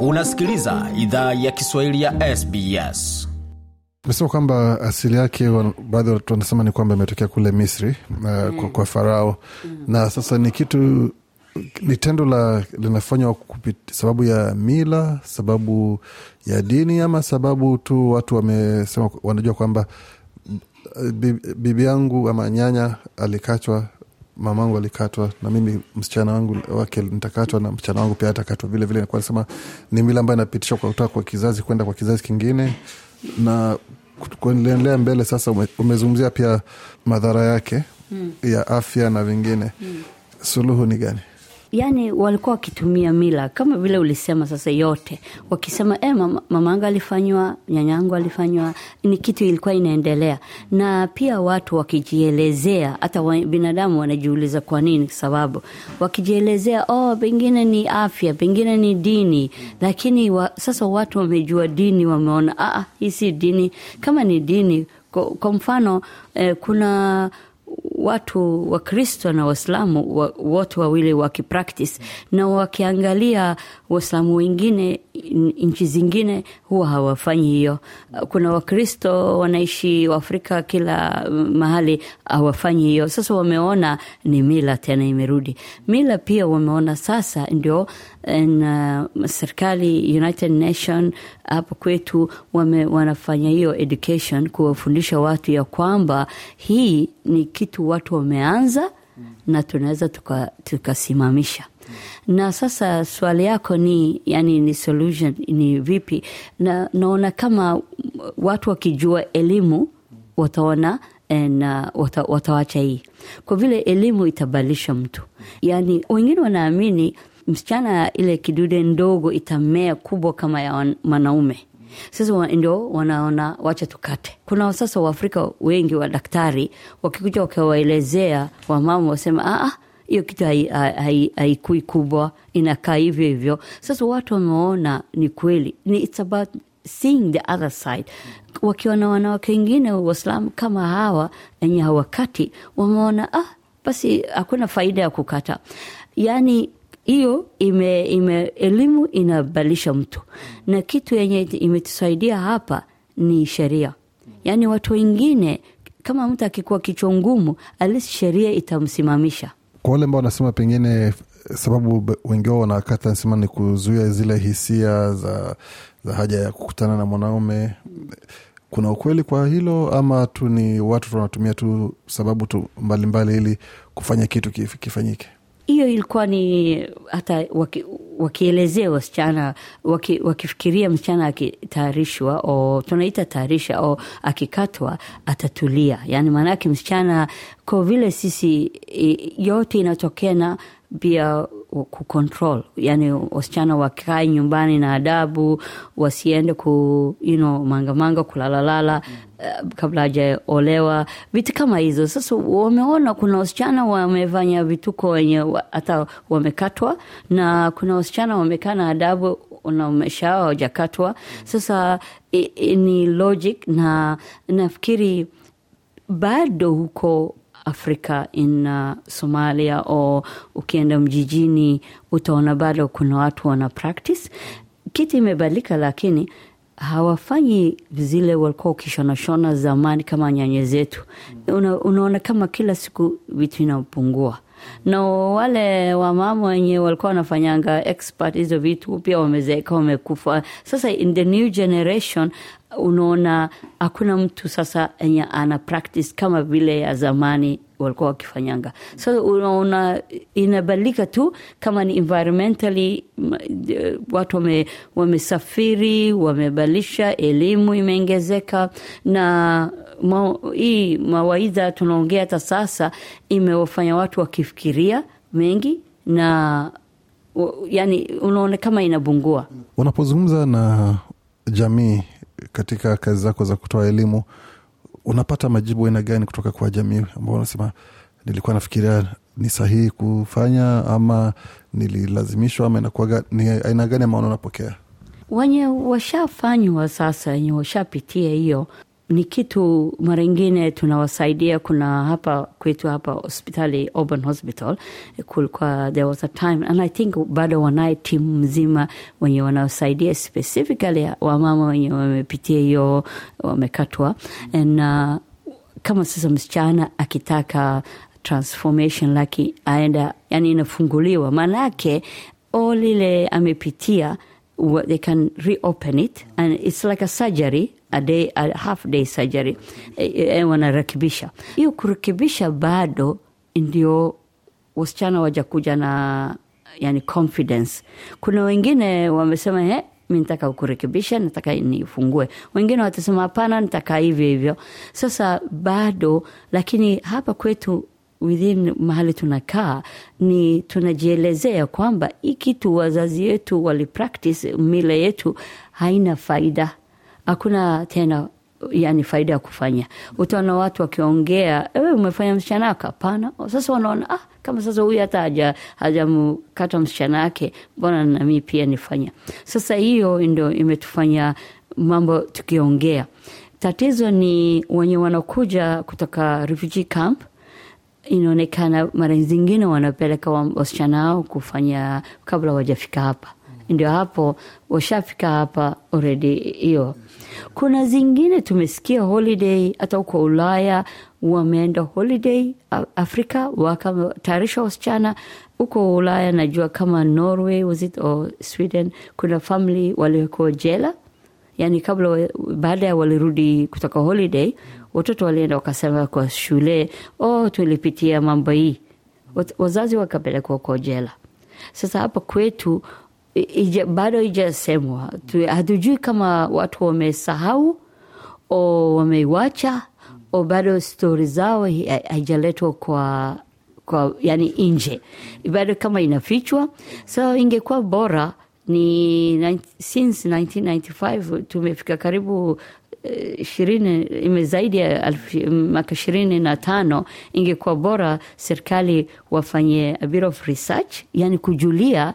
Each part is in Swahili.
Unasikiliza idhaa ya Kiswahili ya SBS. Umesema kwamba asili yake, baadhi watu wanasema ni kwamba imetokea kule Misri uh, mm. kwa, kwa Farao mm. na sasa ni kitu ni tendo la linafanywa sababu ya mila, sababu ya dini, ama sababu tu watu wamesema wanajua kwamba mm, bibi yangu ama nyanya alikachwa mamangu alikatwa na mimi msichana wangu wake nitakatwa na msichana wangu pia atakatwa vilevile. Nasema ni mila ambayo inapitisha kutoka kwa kizazi kwenda kwa kizazi kingine na kuendelea mbele. Sasa ume, umezungumzia pia madhara yake mm. ya afya na vingine mm. suluhu ni gani? yani walikuwa wakitumia mila kama vile ulisema sasa, yote wakisema e, eh, mama, alifanywa, nyanyangu alifanywa, ni kitu ilikuwa inaendelea, na pia watu wakijielezea, hata wa, binadamu wanajiuliza kwa nini, sababu wakijielezea, oh, pengine ni afya, pengine ni dini, lakini wa, sasa watu wamejua dini, wameona ah, ah hii si dini. Kama ni dini kwa, kwa mfano eh, kuna watu Wakristo na Waislamu wote wa, wawili wakipractice na wakiangalia Waislamu wengine nchi zingine huwa hawafanyi hiyo. Kuna Wakristo wanaishi afrika kila mm, mahali, hawafanyi hiyo. Sasa wameona ni mila tena imerudi. Mila pia wameona sasa ndio eh, serikali United Nation hapo kwetu wame, wanafanya hiyo education kuwafundisha watu ya kwamba hii ni kitu watu wameanza mm. na tunaweza tukasimamisha tuka na sasa swali yako ni yani, ni solution ni vipi? Na naona kama watu wakijua elimu wataona eh, na wata, watawacha hii kwa vile elimu itabadilisha mtu. Yani wengine wanaamini msichana ile kidude ndogo itamea kubwa kama ya mwanaume. Sasa ndo wanaona wacha tukate. Kuna sasa Waafrika wengi wa daktari wakikuja wakiwaelezea wamama wasema ah, ah, hiyo kitu haikui hai, kubwa inakaa hivyo hivyo. Sasa watu wameona ni kweli, ni it's about seeing the other side wakiwa na wanawake wengine Waislamu kama hawa enye hawakati, wameona ah, basi hakuna faida ya kukata. Yani hiyo ime, ime elimu inabadilisha mtu, na kitu yenye imetusaidia hapa ni sheria. Yani watu wengine kama mtu akikuwa kichwa ngumu, alisi sheria itamsimamisha kwa wale ambao wanasema pengine sababu wengi wao wanakata nasema ni kuzuia zile hisia za, za haja ya kukutana na mwanaume kuna ukweli kwa hilo ama tu ni watu wanatumia tu sababu tu mbalimbali mbali ili kufanya kitu kifanyike hiyo ilikuwa ni hata wakielezea wasichana waki, wakifikiria msichana akitayarishwa o tunaita tayarisha o akikatwa atatulia, yani maanake msichana kwa vile sisi yote inatokea na pia kucontrol, yani wasichana wakae nyumbani na adabu, wasiende ku you know, mangamanga kulalalala uh, kabla ajaolewa vitu kama hizo. Sasa wameona kuna wasichana wamefanya vituko wenye hata wamekatwa, na kuna wasichana wamekaa na adabu na umesha wajakatwa. Sasa i, i, ni logic na nafikiri bado huko Afrika in uh, Somalia o ukienda mjijini utaona bado kuna watu wana practice. Kitu imebadilika, lakini hawafanyi zile walikuwa ukishonashona zamani kama nyanye zetu. Una, unaona kama kila siku vitu inapungua na wale wamama wenye walikuwa wanafanyanga expert hizo vitu pia wamezeeka, wamekufa. Sasa in the new generation unaona hakuna mtu sasa enye ana practice kama vile ya zamani walikuwa wakifanyanga. So unaona inabadilika tu, kama ni environmentally, eh, watu wamesafiri, wamebadilisha, elimu imeongezeka na ma, hii mawaidha tunaongea hata sasa imewafanya watu wakifikiria mengi na yani, unaona kama inabungua. Unapozungumza na jamii katika kazi zako za kutoa elimu, unapata majibu aina gani kutoka kwa jamii ambao wanasema nilikuwa nafikiria ni sahihi kufanya ama nililazimishwa ama inakuwaga ni aina gani ya maono unapokea? wenye washafanywa sasa, wenye washapitia hiyo ni kitu mara ingine tunawasaidia. Kuna hapa kwetu hapa hospitali Auburn Hospital, kulikuwa there was a time and I think bado wanaye timu mzima wenye wanawasaidia specifically wamama wenye wamepitia hiyo wamekatwa, an uh, kama sasa msichana akitaka transformation laki aenda, yani inafunguliwa, maanayake o lile amepitia they can reopen it, and it's like a surgery a day, a half day surgery e, wanarekebisha hiyo. Kurekebisha bado ndio wasichana wajakuja na yani confidence. Kuna wengine wamesema he, mi nataka kurekebisha, nataka nifungue. Wengine watasema hapana, nitakaa hivyo hivyo. Sasa bado, lakini hapa kwetu within mahali tunakaa ni tunajielezea kwamba ikitu wazazi yetu walipractis mila yetu haina faida, hakuna tena yani faida ya kufanya. Utaona watu wakiongea, ewe umefanya msichana wake? Hapana. Sasa wanaona ah, kama sasa huyu hata hajamkata msichana wake, mbona nami pia nifanya? Sasa hiyo ndo imetufanya mambo tukiongea. Tatizo ni wenye wanakuja kutoka refugee camp inaonekana mara zingine wanapeleka wasichana wao kufanya kabla wajafika hapa ndio hapo washafika hapa redi Hiyo kuna zingine tumesikia holiday, hata huko Ulaya wameenda holiday Afrika, wakatayarisha wasichana huko Ulaya. Najua kama Norway was it or Sweden, kuna famili waliokuwa jela yani kabla baada ya walirudi kutoka holiday, watoto walienda wakasema kwa shule, oh, tulipitia mambo hii, wazazi wakapelekwa kwa jela. Sasa hapa kwetu ija, bado ijasemwa, hatujui kama watu wamesahau o wameiwacha o bado stori zao haijaletwa kwa kwa yani nje bado kama inafichwa, so ingekuwa bora ni since 1995 tumefika karibu eh, ishirini ime zaidi ya mwaka ishirini na tano. Ingekuwa bora serikali wafanye a bit of research, yani kujulia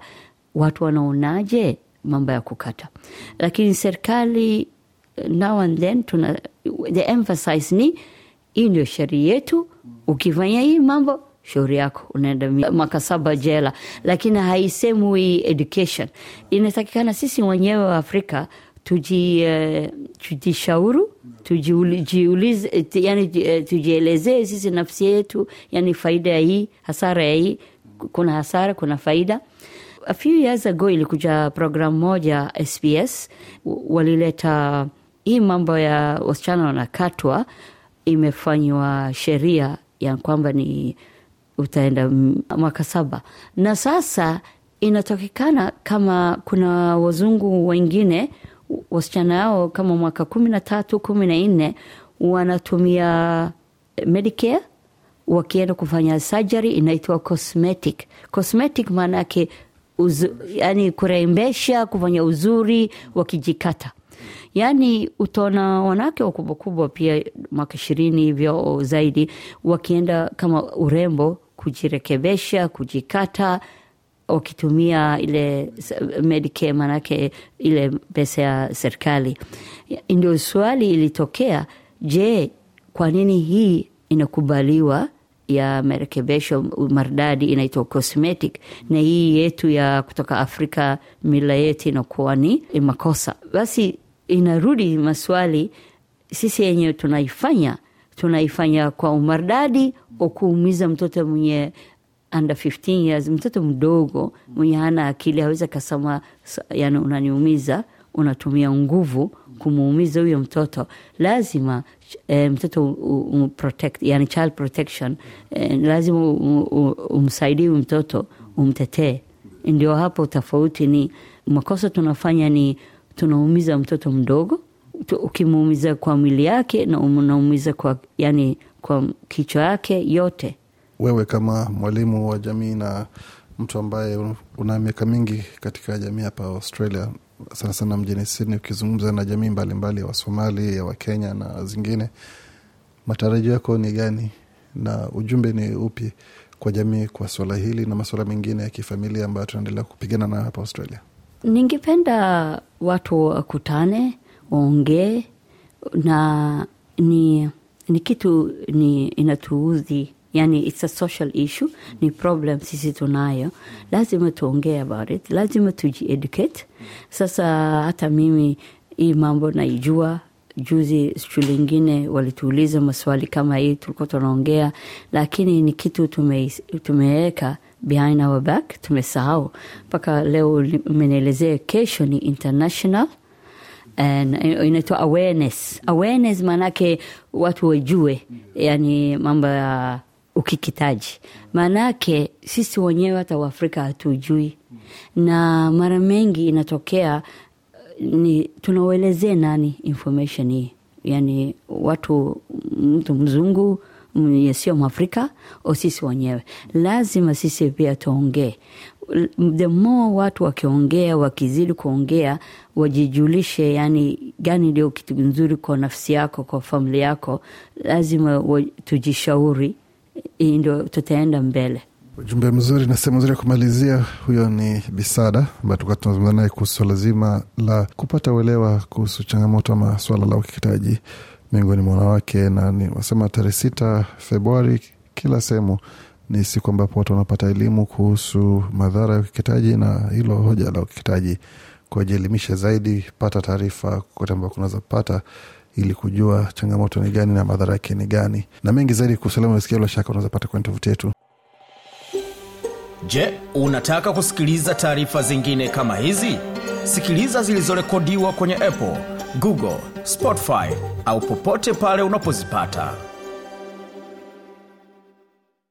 watu wanaonaje mambo ya kukata, lakini serikali eh, now and then tuna the emphasis ni hii ndio sheria yetu, ukifanya hii mambo shauri yako unaenda mwaka saba jela, lakini haisemwi education. Inatakikana sisi wenyewe wa Afrika tuji uh, tujishauru tujiulize, eh, yani eh, tujielezee sisi nafsi yetu, yani faida ya hii, hasara ya hii, kuna hasara, kuna faida. A few years ago ilikuja programu moja SBS walileta hii mambo ya wasichana wanakatwa, imefanywa sheria ya kwamba ni utaenda mwaka saba na sasa inatokekana kama kuna wazungu wengine wasichana yao kama mwaka kumi na tatu kumi na nne wanatumia medicare wakienda kufanya surgery inaitwa cosmetic cosmetic yake yani kurembesha kufanya uzuri wakijikata yaani utaona wanawake wakubwa kubwa pia mwaka ishirini hivyo zaidi wakienda kama urembo kujirekebesha, kujikata wakitumia ile medike manake ile pesa ya serikali. Ndio swali ilitokea, je, kwa nini hii inakubaliwa ya marekebesho maridadi inaitwa cosmetic na hii yetu ya kutoka Afrika mila yetu inakuwa ni makosa? Basi inarudi maswali sisi yenyewe tunaifanya tunaifanya kwa umardadi kwa kuumiza mtoto mwenye under 15 years, mtoto mdogo mwenye hana akili aweza kasema, yani unaniumiza, unatumia nguvu kumuumiza huyo mtoto. Lazima e, mtoto um, protect, yani child protection e, lazima umsaidie um, mtoto umtetee. Ndio hapo tofauti ni makosa tunafanya ni tunaumiza mtoto mdogo ukimuumiza kwa mwili yake na unaumiza kwa, yani, kwa kichwa yake yote. Wewe kama mwalimu wa jamii na mtu ambaye una miaka mingi katika jamii hapa Australia, sana sana mjini Sydney, ukizungumza na jamii mbalimbali ya Wasomali, ya Wakenya na zingine, matarajio yako ni gani na ujumbe ni upi kwa jamii kwa swala hili na masuala mengine ya kifamilia ambayo tunaendelea kupigana nayo hapa Australia? Ningependa watu wakutane ongee na ni, ni kitu ni inatuudhi yani it's a social issue ni problem sisi tunayo lazima tuongee about it lazima tujieducate sasa hata mimi hii mambo naijua juzi shule ingine walituuliza maswali kama hii tulikuwa tunaongea lakini ni kitu tumeweka behind our back tumesahau mpaka leo umenielezea kesho ni international Eh, inaitwa awareness. Awareness maanake watu wajue, yani mambo ya ukikitaji, maanake sisi wenyewe hata Waafrika hatujui, na mara mengi inatokea eh, ni tunawelezea nani information hii, yani watu, mtu mzungu sio Mwafrika au sisi wenyewe, lazima sisi pia tuongee the more watu wakiongea, wakizidi kuongea, wajijulishe, yani gani ndio kitu nzuri kwa nafsi yako, kwa famili yako, lazima tujishauri, ndio tutaenda mbele. Ujumbe mzuri na sehemu nzuri ya kumalizia. Huyo ni Bisada ambayo tulikuwa tunazungumza naye kuhusu swala zima la kupata uelewa kuhusu changamoto ama swala la ukeketaji miongoni mwa wanawake, na ni wasema tarehe sita Februari kila sehemu ni siku ambapo watu wanapata elimu kuhusu madhara ya ukeketaji na hilo hoja la ukeketaji kuwajielimisha zaidi, pata taarifa kote ambao kunaweza ili kujua changamoto ni gani na madhara yake ni gani, na mengi zaidi kuhusu elimu nasikia, bila shaka unaweza pata kwenye tovuti yetu. Je, unataka kusikiliza taarifa zingine kama hizi? Sikiliza zilizorekodiwa kwenye Apple, Google, Spotify au popote pale unapozipata.